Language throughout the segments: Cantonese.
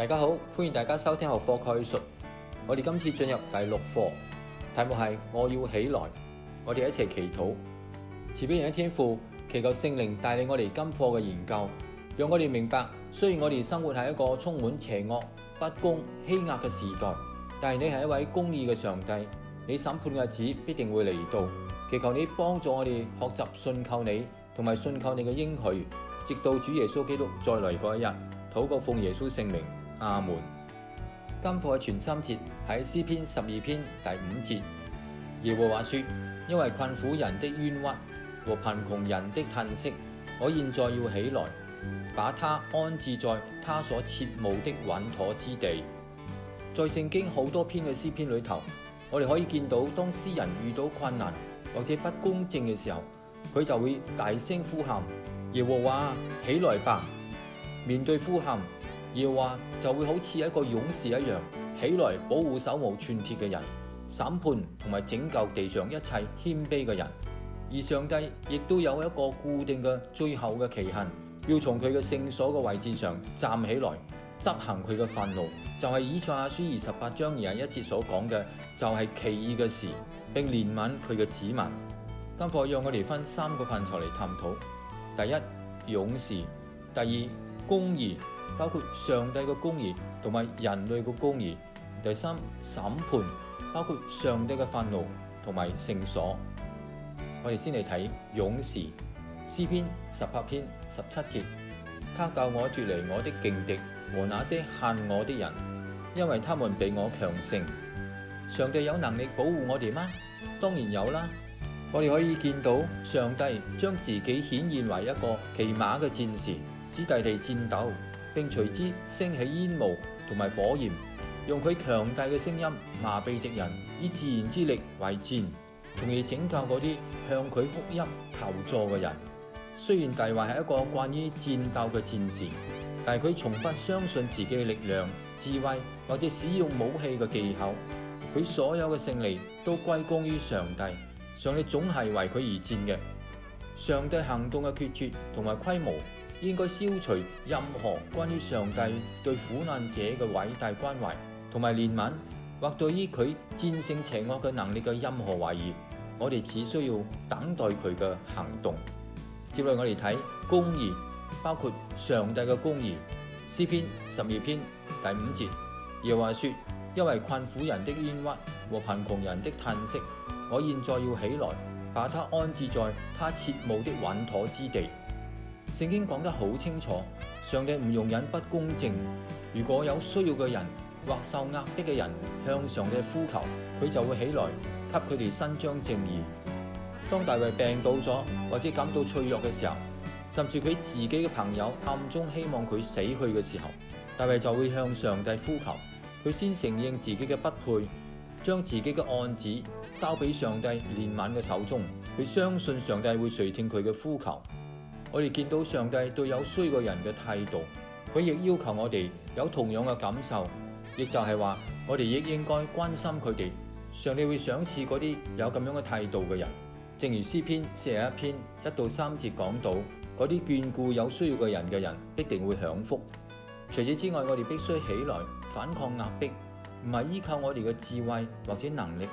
大家好，歡迎大家收聽學課概述。我哋今次進入第六課，題目係我要起來。我哋一齊祈禱，慈悲人嘅天父，祈求聖靈帶領我哋今課嘅研究，讓我哋明白，雖然我哋生活係一個充滿邪惡、不公、欺壓嘅時代，但係你係一位公義嘅上帝，你審判嘅日子必定會嚟到。祈求你幫助我哋學習信靠你，同埋信靠你嘅應許，直到主耶穌基督再來嗰一日。禱告奉耶穌聖名。阿門，今課嘅存心節喺詩篇十二篇第五節。耶和華說：因為困苦人的冤屈和貧窮人的嘆息，我現在要起來，把他安置在他所切慕的穩妥之地。在聖經好多篇嘅詩篇裏頭，我哋可以見到，當詩人遇到困難或者不公正嘅時候，佢就會大聲呼喊：耶和華起來吧！面對呼喊。要話就會好似一個勇士一樣起來保護手無寸鐵嘅人，審判同埋拯救地上一切謙卑嘅人。而上帝亦都有一個固定嘅最後嘅期限，要從佢嘅聖所嘅位置上站起來執行佢嘅憤怒就係、是、以賽亞書二十八章二十一節所講嘅就係、是、奇異嘅事並憐憫佢嘅子民。今課讓我哋分三個範疇嚟探討，第一勇士，第二。公義包括上帝的公義同埋人類的公義。第三審判包括上帝嘅憤怒同埋聖所。我哋先嚟睇勇士詩篇十八篇十七節，他教我脱離我的勁敵和那些恨我的人，因為他們比我強盛。上帝有能力保護我哋嗎？當然有啦。我哋可以見到上帝將自己顯現為一個騎馬嘅戰士。使大地顫抖，並隨之升起煙霧同埋火焰，用佢強大嘅聲音麻痹敵人，以自然之力為戰，從而拯救嗰啲向佢哭泣求助嘅人。雖然大衛係一個關於戰鬥嘅戰士，但係佢從不相信自己嘅力量、智慧或者使用武器嘅技巧。佢所有嘅勝利都歸功於上帝，上帝總係為佢而戰嘅。上帝行動嘅決絕同埋規模，應該消除任何關於上帝對苦難者嘅偉大關懷同埋憐憫，或對於佢戰勝邪惡嘅能力嘅任何懷疑。我哋只需要等待佢嘅行動。接落嚟，我哋睇公義，包括上帝嘅公義，詩篇十二篇第五節，又話說：因為困苦人的冤屈和貧窮人的嘆息，我現在要起來。把他安置在他切慕的穩妥之地。聖經講得好清楚，上帝唔容忍不公正。如果有需要嘅人或受壓迫嘅人向上帝呼求，佢就會起來，給佢哋伸張正義。當大衛病倒咗，或者感到脆弱嘅時候，甚至佢自己嘅朋友暗中希望佢死去嘅時候，大衛就會向上帝呼求，佢先承認自己嘅不配，將自己嘅案子交俾上帝憐憫嘅手中，佢相信上帝會垂聽佢嘅呼求。我哋見到上帝對有需要的人嘅態度，佢亦要求我哋有同樣嘅感受，亦就係話我哋亦應該關心佢哋。上帝會賞賜嗰啲有咁樣嘅態度嘅人，正如詩篇四十一篇一到三節講到，嗰啲眷顧有需要嘅人嘅人必定會享福。除此之外，我哋必須起來反抗壓迫。唔係依靠我哋嘅智慧或者能力，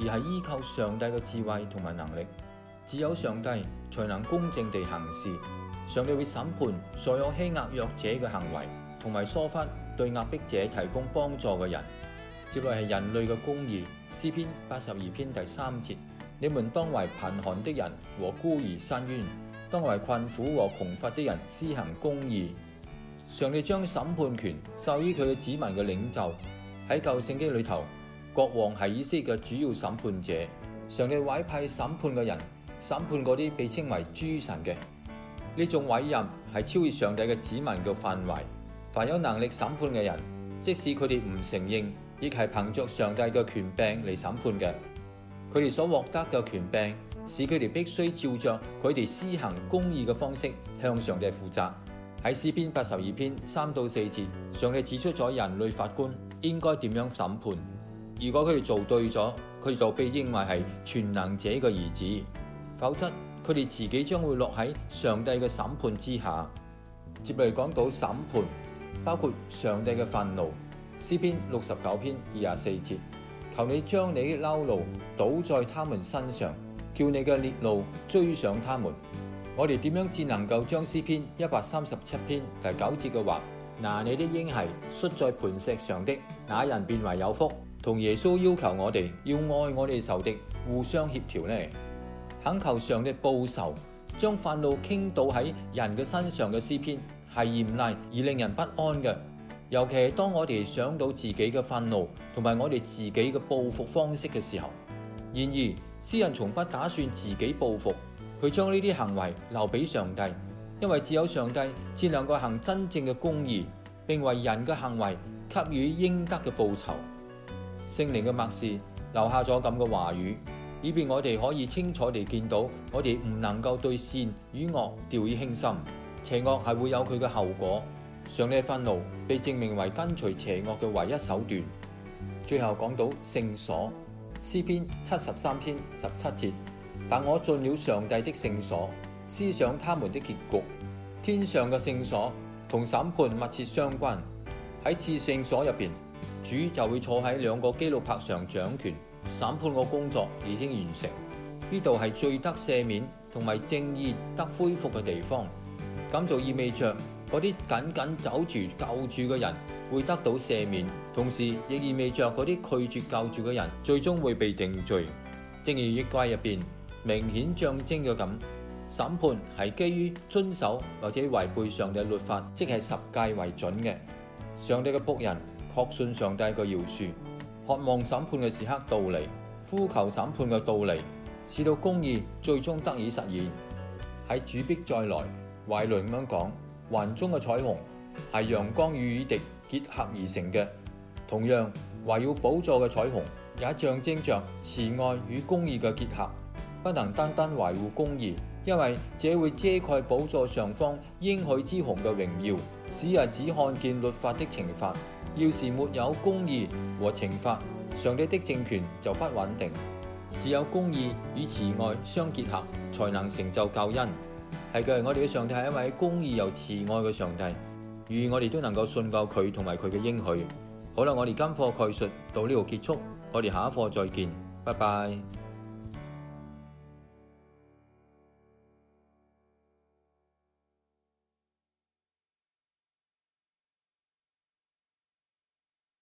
而係依靠上帝嘅智慧同埋能力。只有上帝才能公正地行事。上帝會審判所有欺壓弱者嘅行為，同埋疏忽對壓迫者提供幫助嘅人。接來係人類嘅公義，詩篇八十二篇第三節：你們當為貧寒的人和孤兒伸冤，當為困苦和窮乏的人施行公義。上帝將審判權授予佢嘅子民嘅領袖。喺舊聖經裏頭，國王係以色列嘅主要審判者。上帝委派審判嘅人，審判嗰啲被稱為諸神嘅。呢種委任係超越上帝嘅子民嘅範圍。凡有能力審判嘅人，即使佢哋唔承認，亦係憑着上帝嘅權柄嚟審判嘅。佢哋所獲得嘅權柄，使佢哋必須照着佢哋施行公義嘅方式向上帝負責。喺詩篇八十二篇三到四節，上帝指出咗人類法官，應該點樣審判？如果佢哋做對咗，佢就被認為係全能者嘅兒子；否則，佢哋自己將會落喺上帝嘅審判之下。接嚟講到審判，包括上帝嘅憤怒。詩篇六十九篇二十四節：求你將你嘅惱怒倒在他們身上，叫你嘅烈怒追上他們。我哋點樣至能夠將詩篇一百三十七篇第九節嘅話？嗱，那你的嬰孩摔在磐石上的，那人便為有福。同耶穌要求我哋要愛我哋仇敵，互相協調呢？懇求上帝報仇，將憤怒傾倒喺人嘅身上嘅詩篇，係嚴厲而令人不安嘅。尤其係當我哋想到自己嘅憤怒同埋我哋自己嘅報復方式嘅時候，然而詩人從不打算自己報復，佢將呢啲行為留俾上帝。因為只有上帝才能夠行真正嘅公義，並為人嘅行為給予應得嘅報酬。聖靈嘅默示留下咗咁嘅話語，以便我哋可以清楚地見到，我哋唔能夠對善與惡掉以輕心。邪惡係會有佢嘅後果。上帝憤怒被證明為根除邪惡嘅唯一手段。最後講到聖所，詩篇七十三篇十七節，等我進了上帝的聖所，思想他們的結局，天上嘅聖所同審判密切相關。喺次聖所入面，主就會坐喺兩個基路柏上掌權，審判嘅工作已經完成。呢度係罪得赦免同埋正義得恢復嘅地方。咁就意味着嗰啲緊緊走住救主嘅人會得到赦免，同時亦意味着嗰啲拒絕救主嘅人最終會被定罪，正如約櫃入面明顯象徵嘅咁。審判係基於遵守或者違背上帝的律法，即係十誡為準嘅。上帝嘅僕人確信上帝嘅饒恕，渴望審判嘅時刻到嚟，呼求審判嘅到嚟，使到公義最終得以實現。喺主必再來，懷倫咁樣講，雲中嘅彩虹係陽光與雨滴結合而成嘅。同樣，圍繞寶座嘅彩虹也象徵着慈愛與公義嘅結合，不能單單維護公義。因為這會遮蓋寶座上方應許之虹嘅榮耀，使人只看見律法的懲罰。要是沒有公義和懲罰，上帝的政權就不穩定。只有公義與慈愛相結合，才能成就救恩。係嘅，我哋嘅上帝係一位公義又慈愛嘅上帝，願我哋都能夠信靠佢同埋佢嘅應許。好啦，我哋今課概述到呢度結束，我哋下一課再見，拜拜。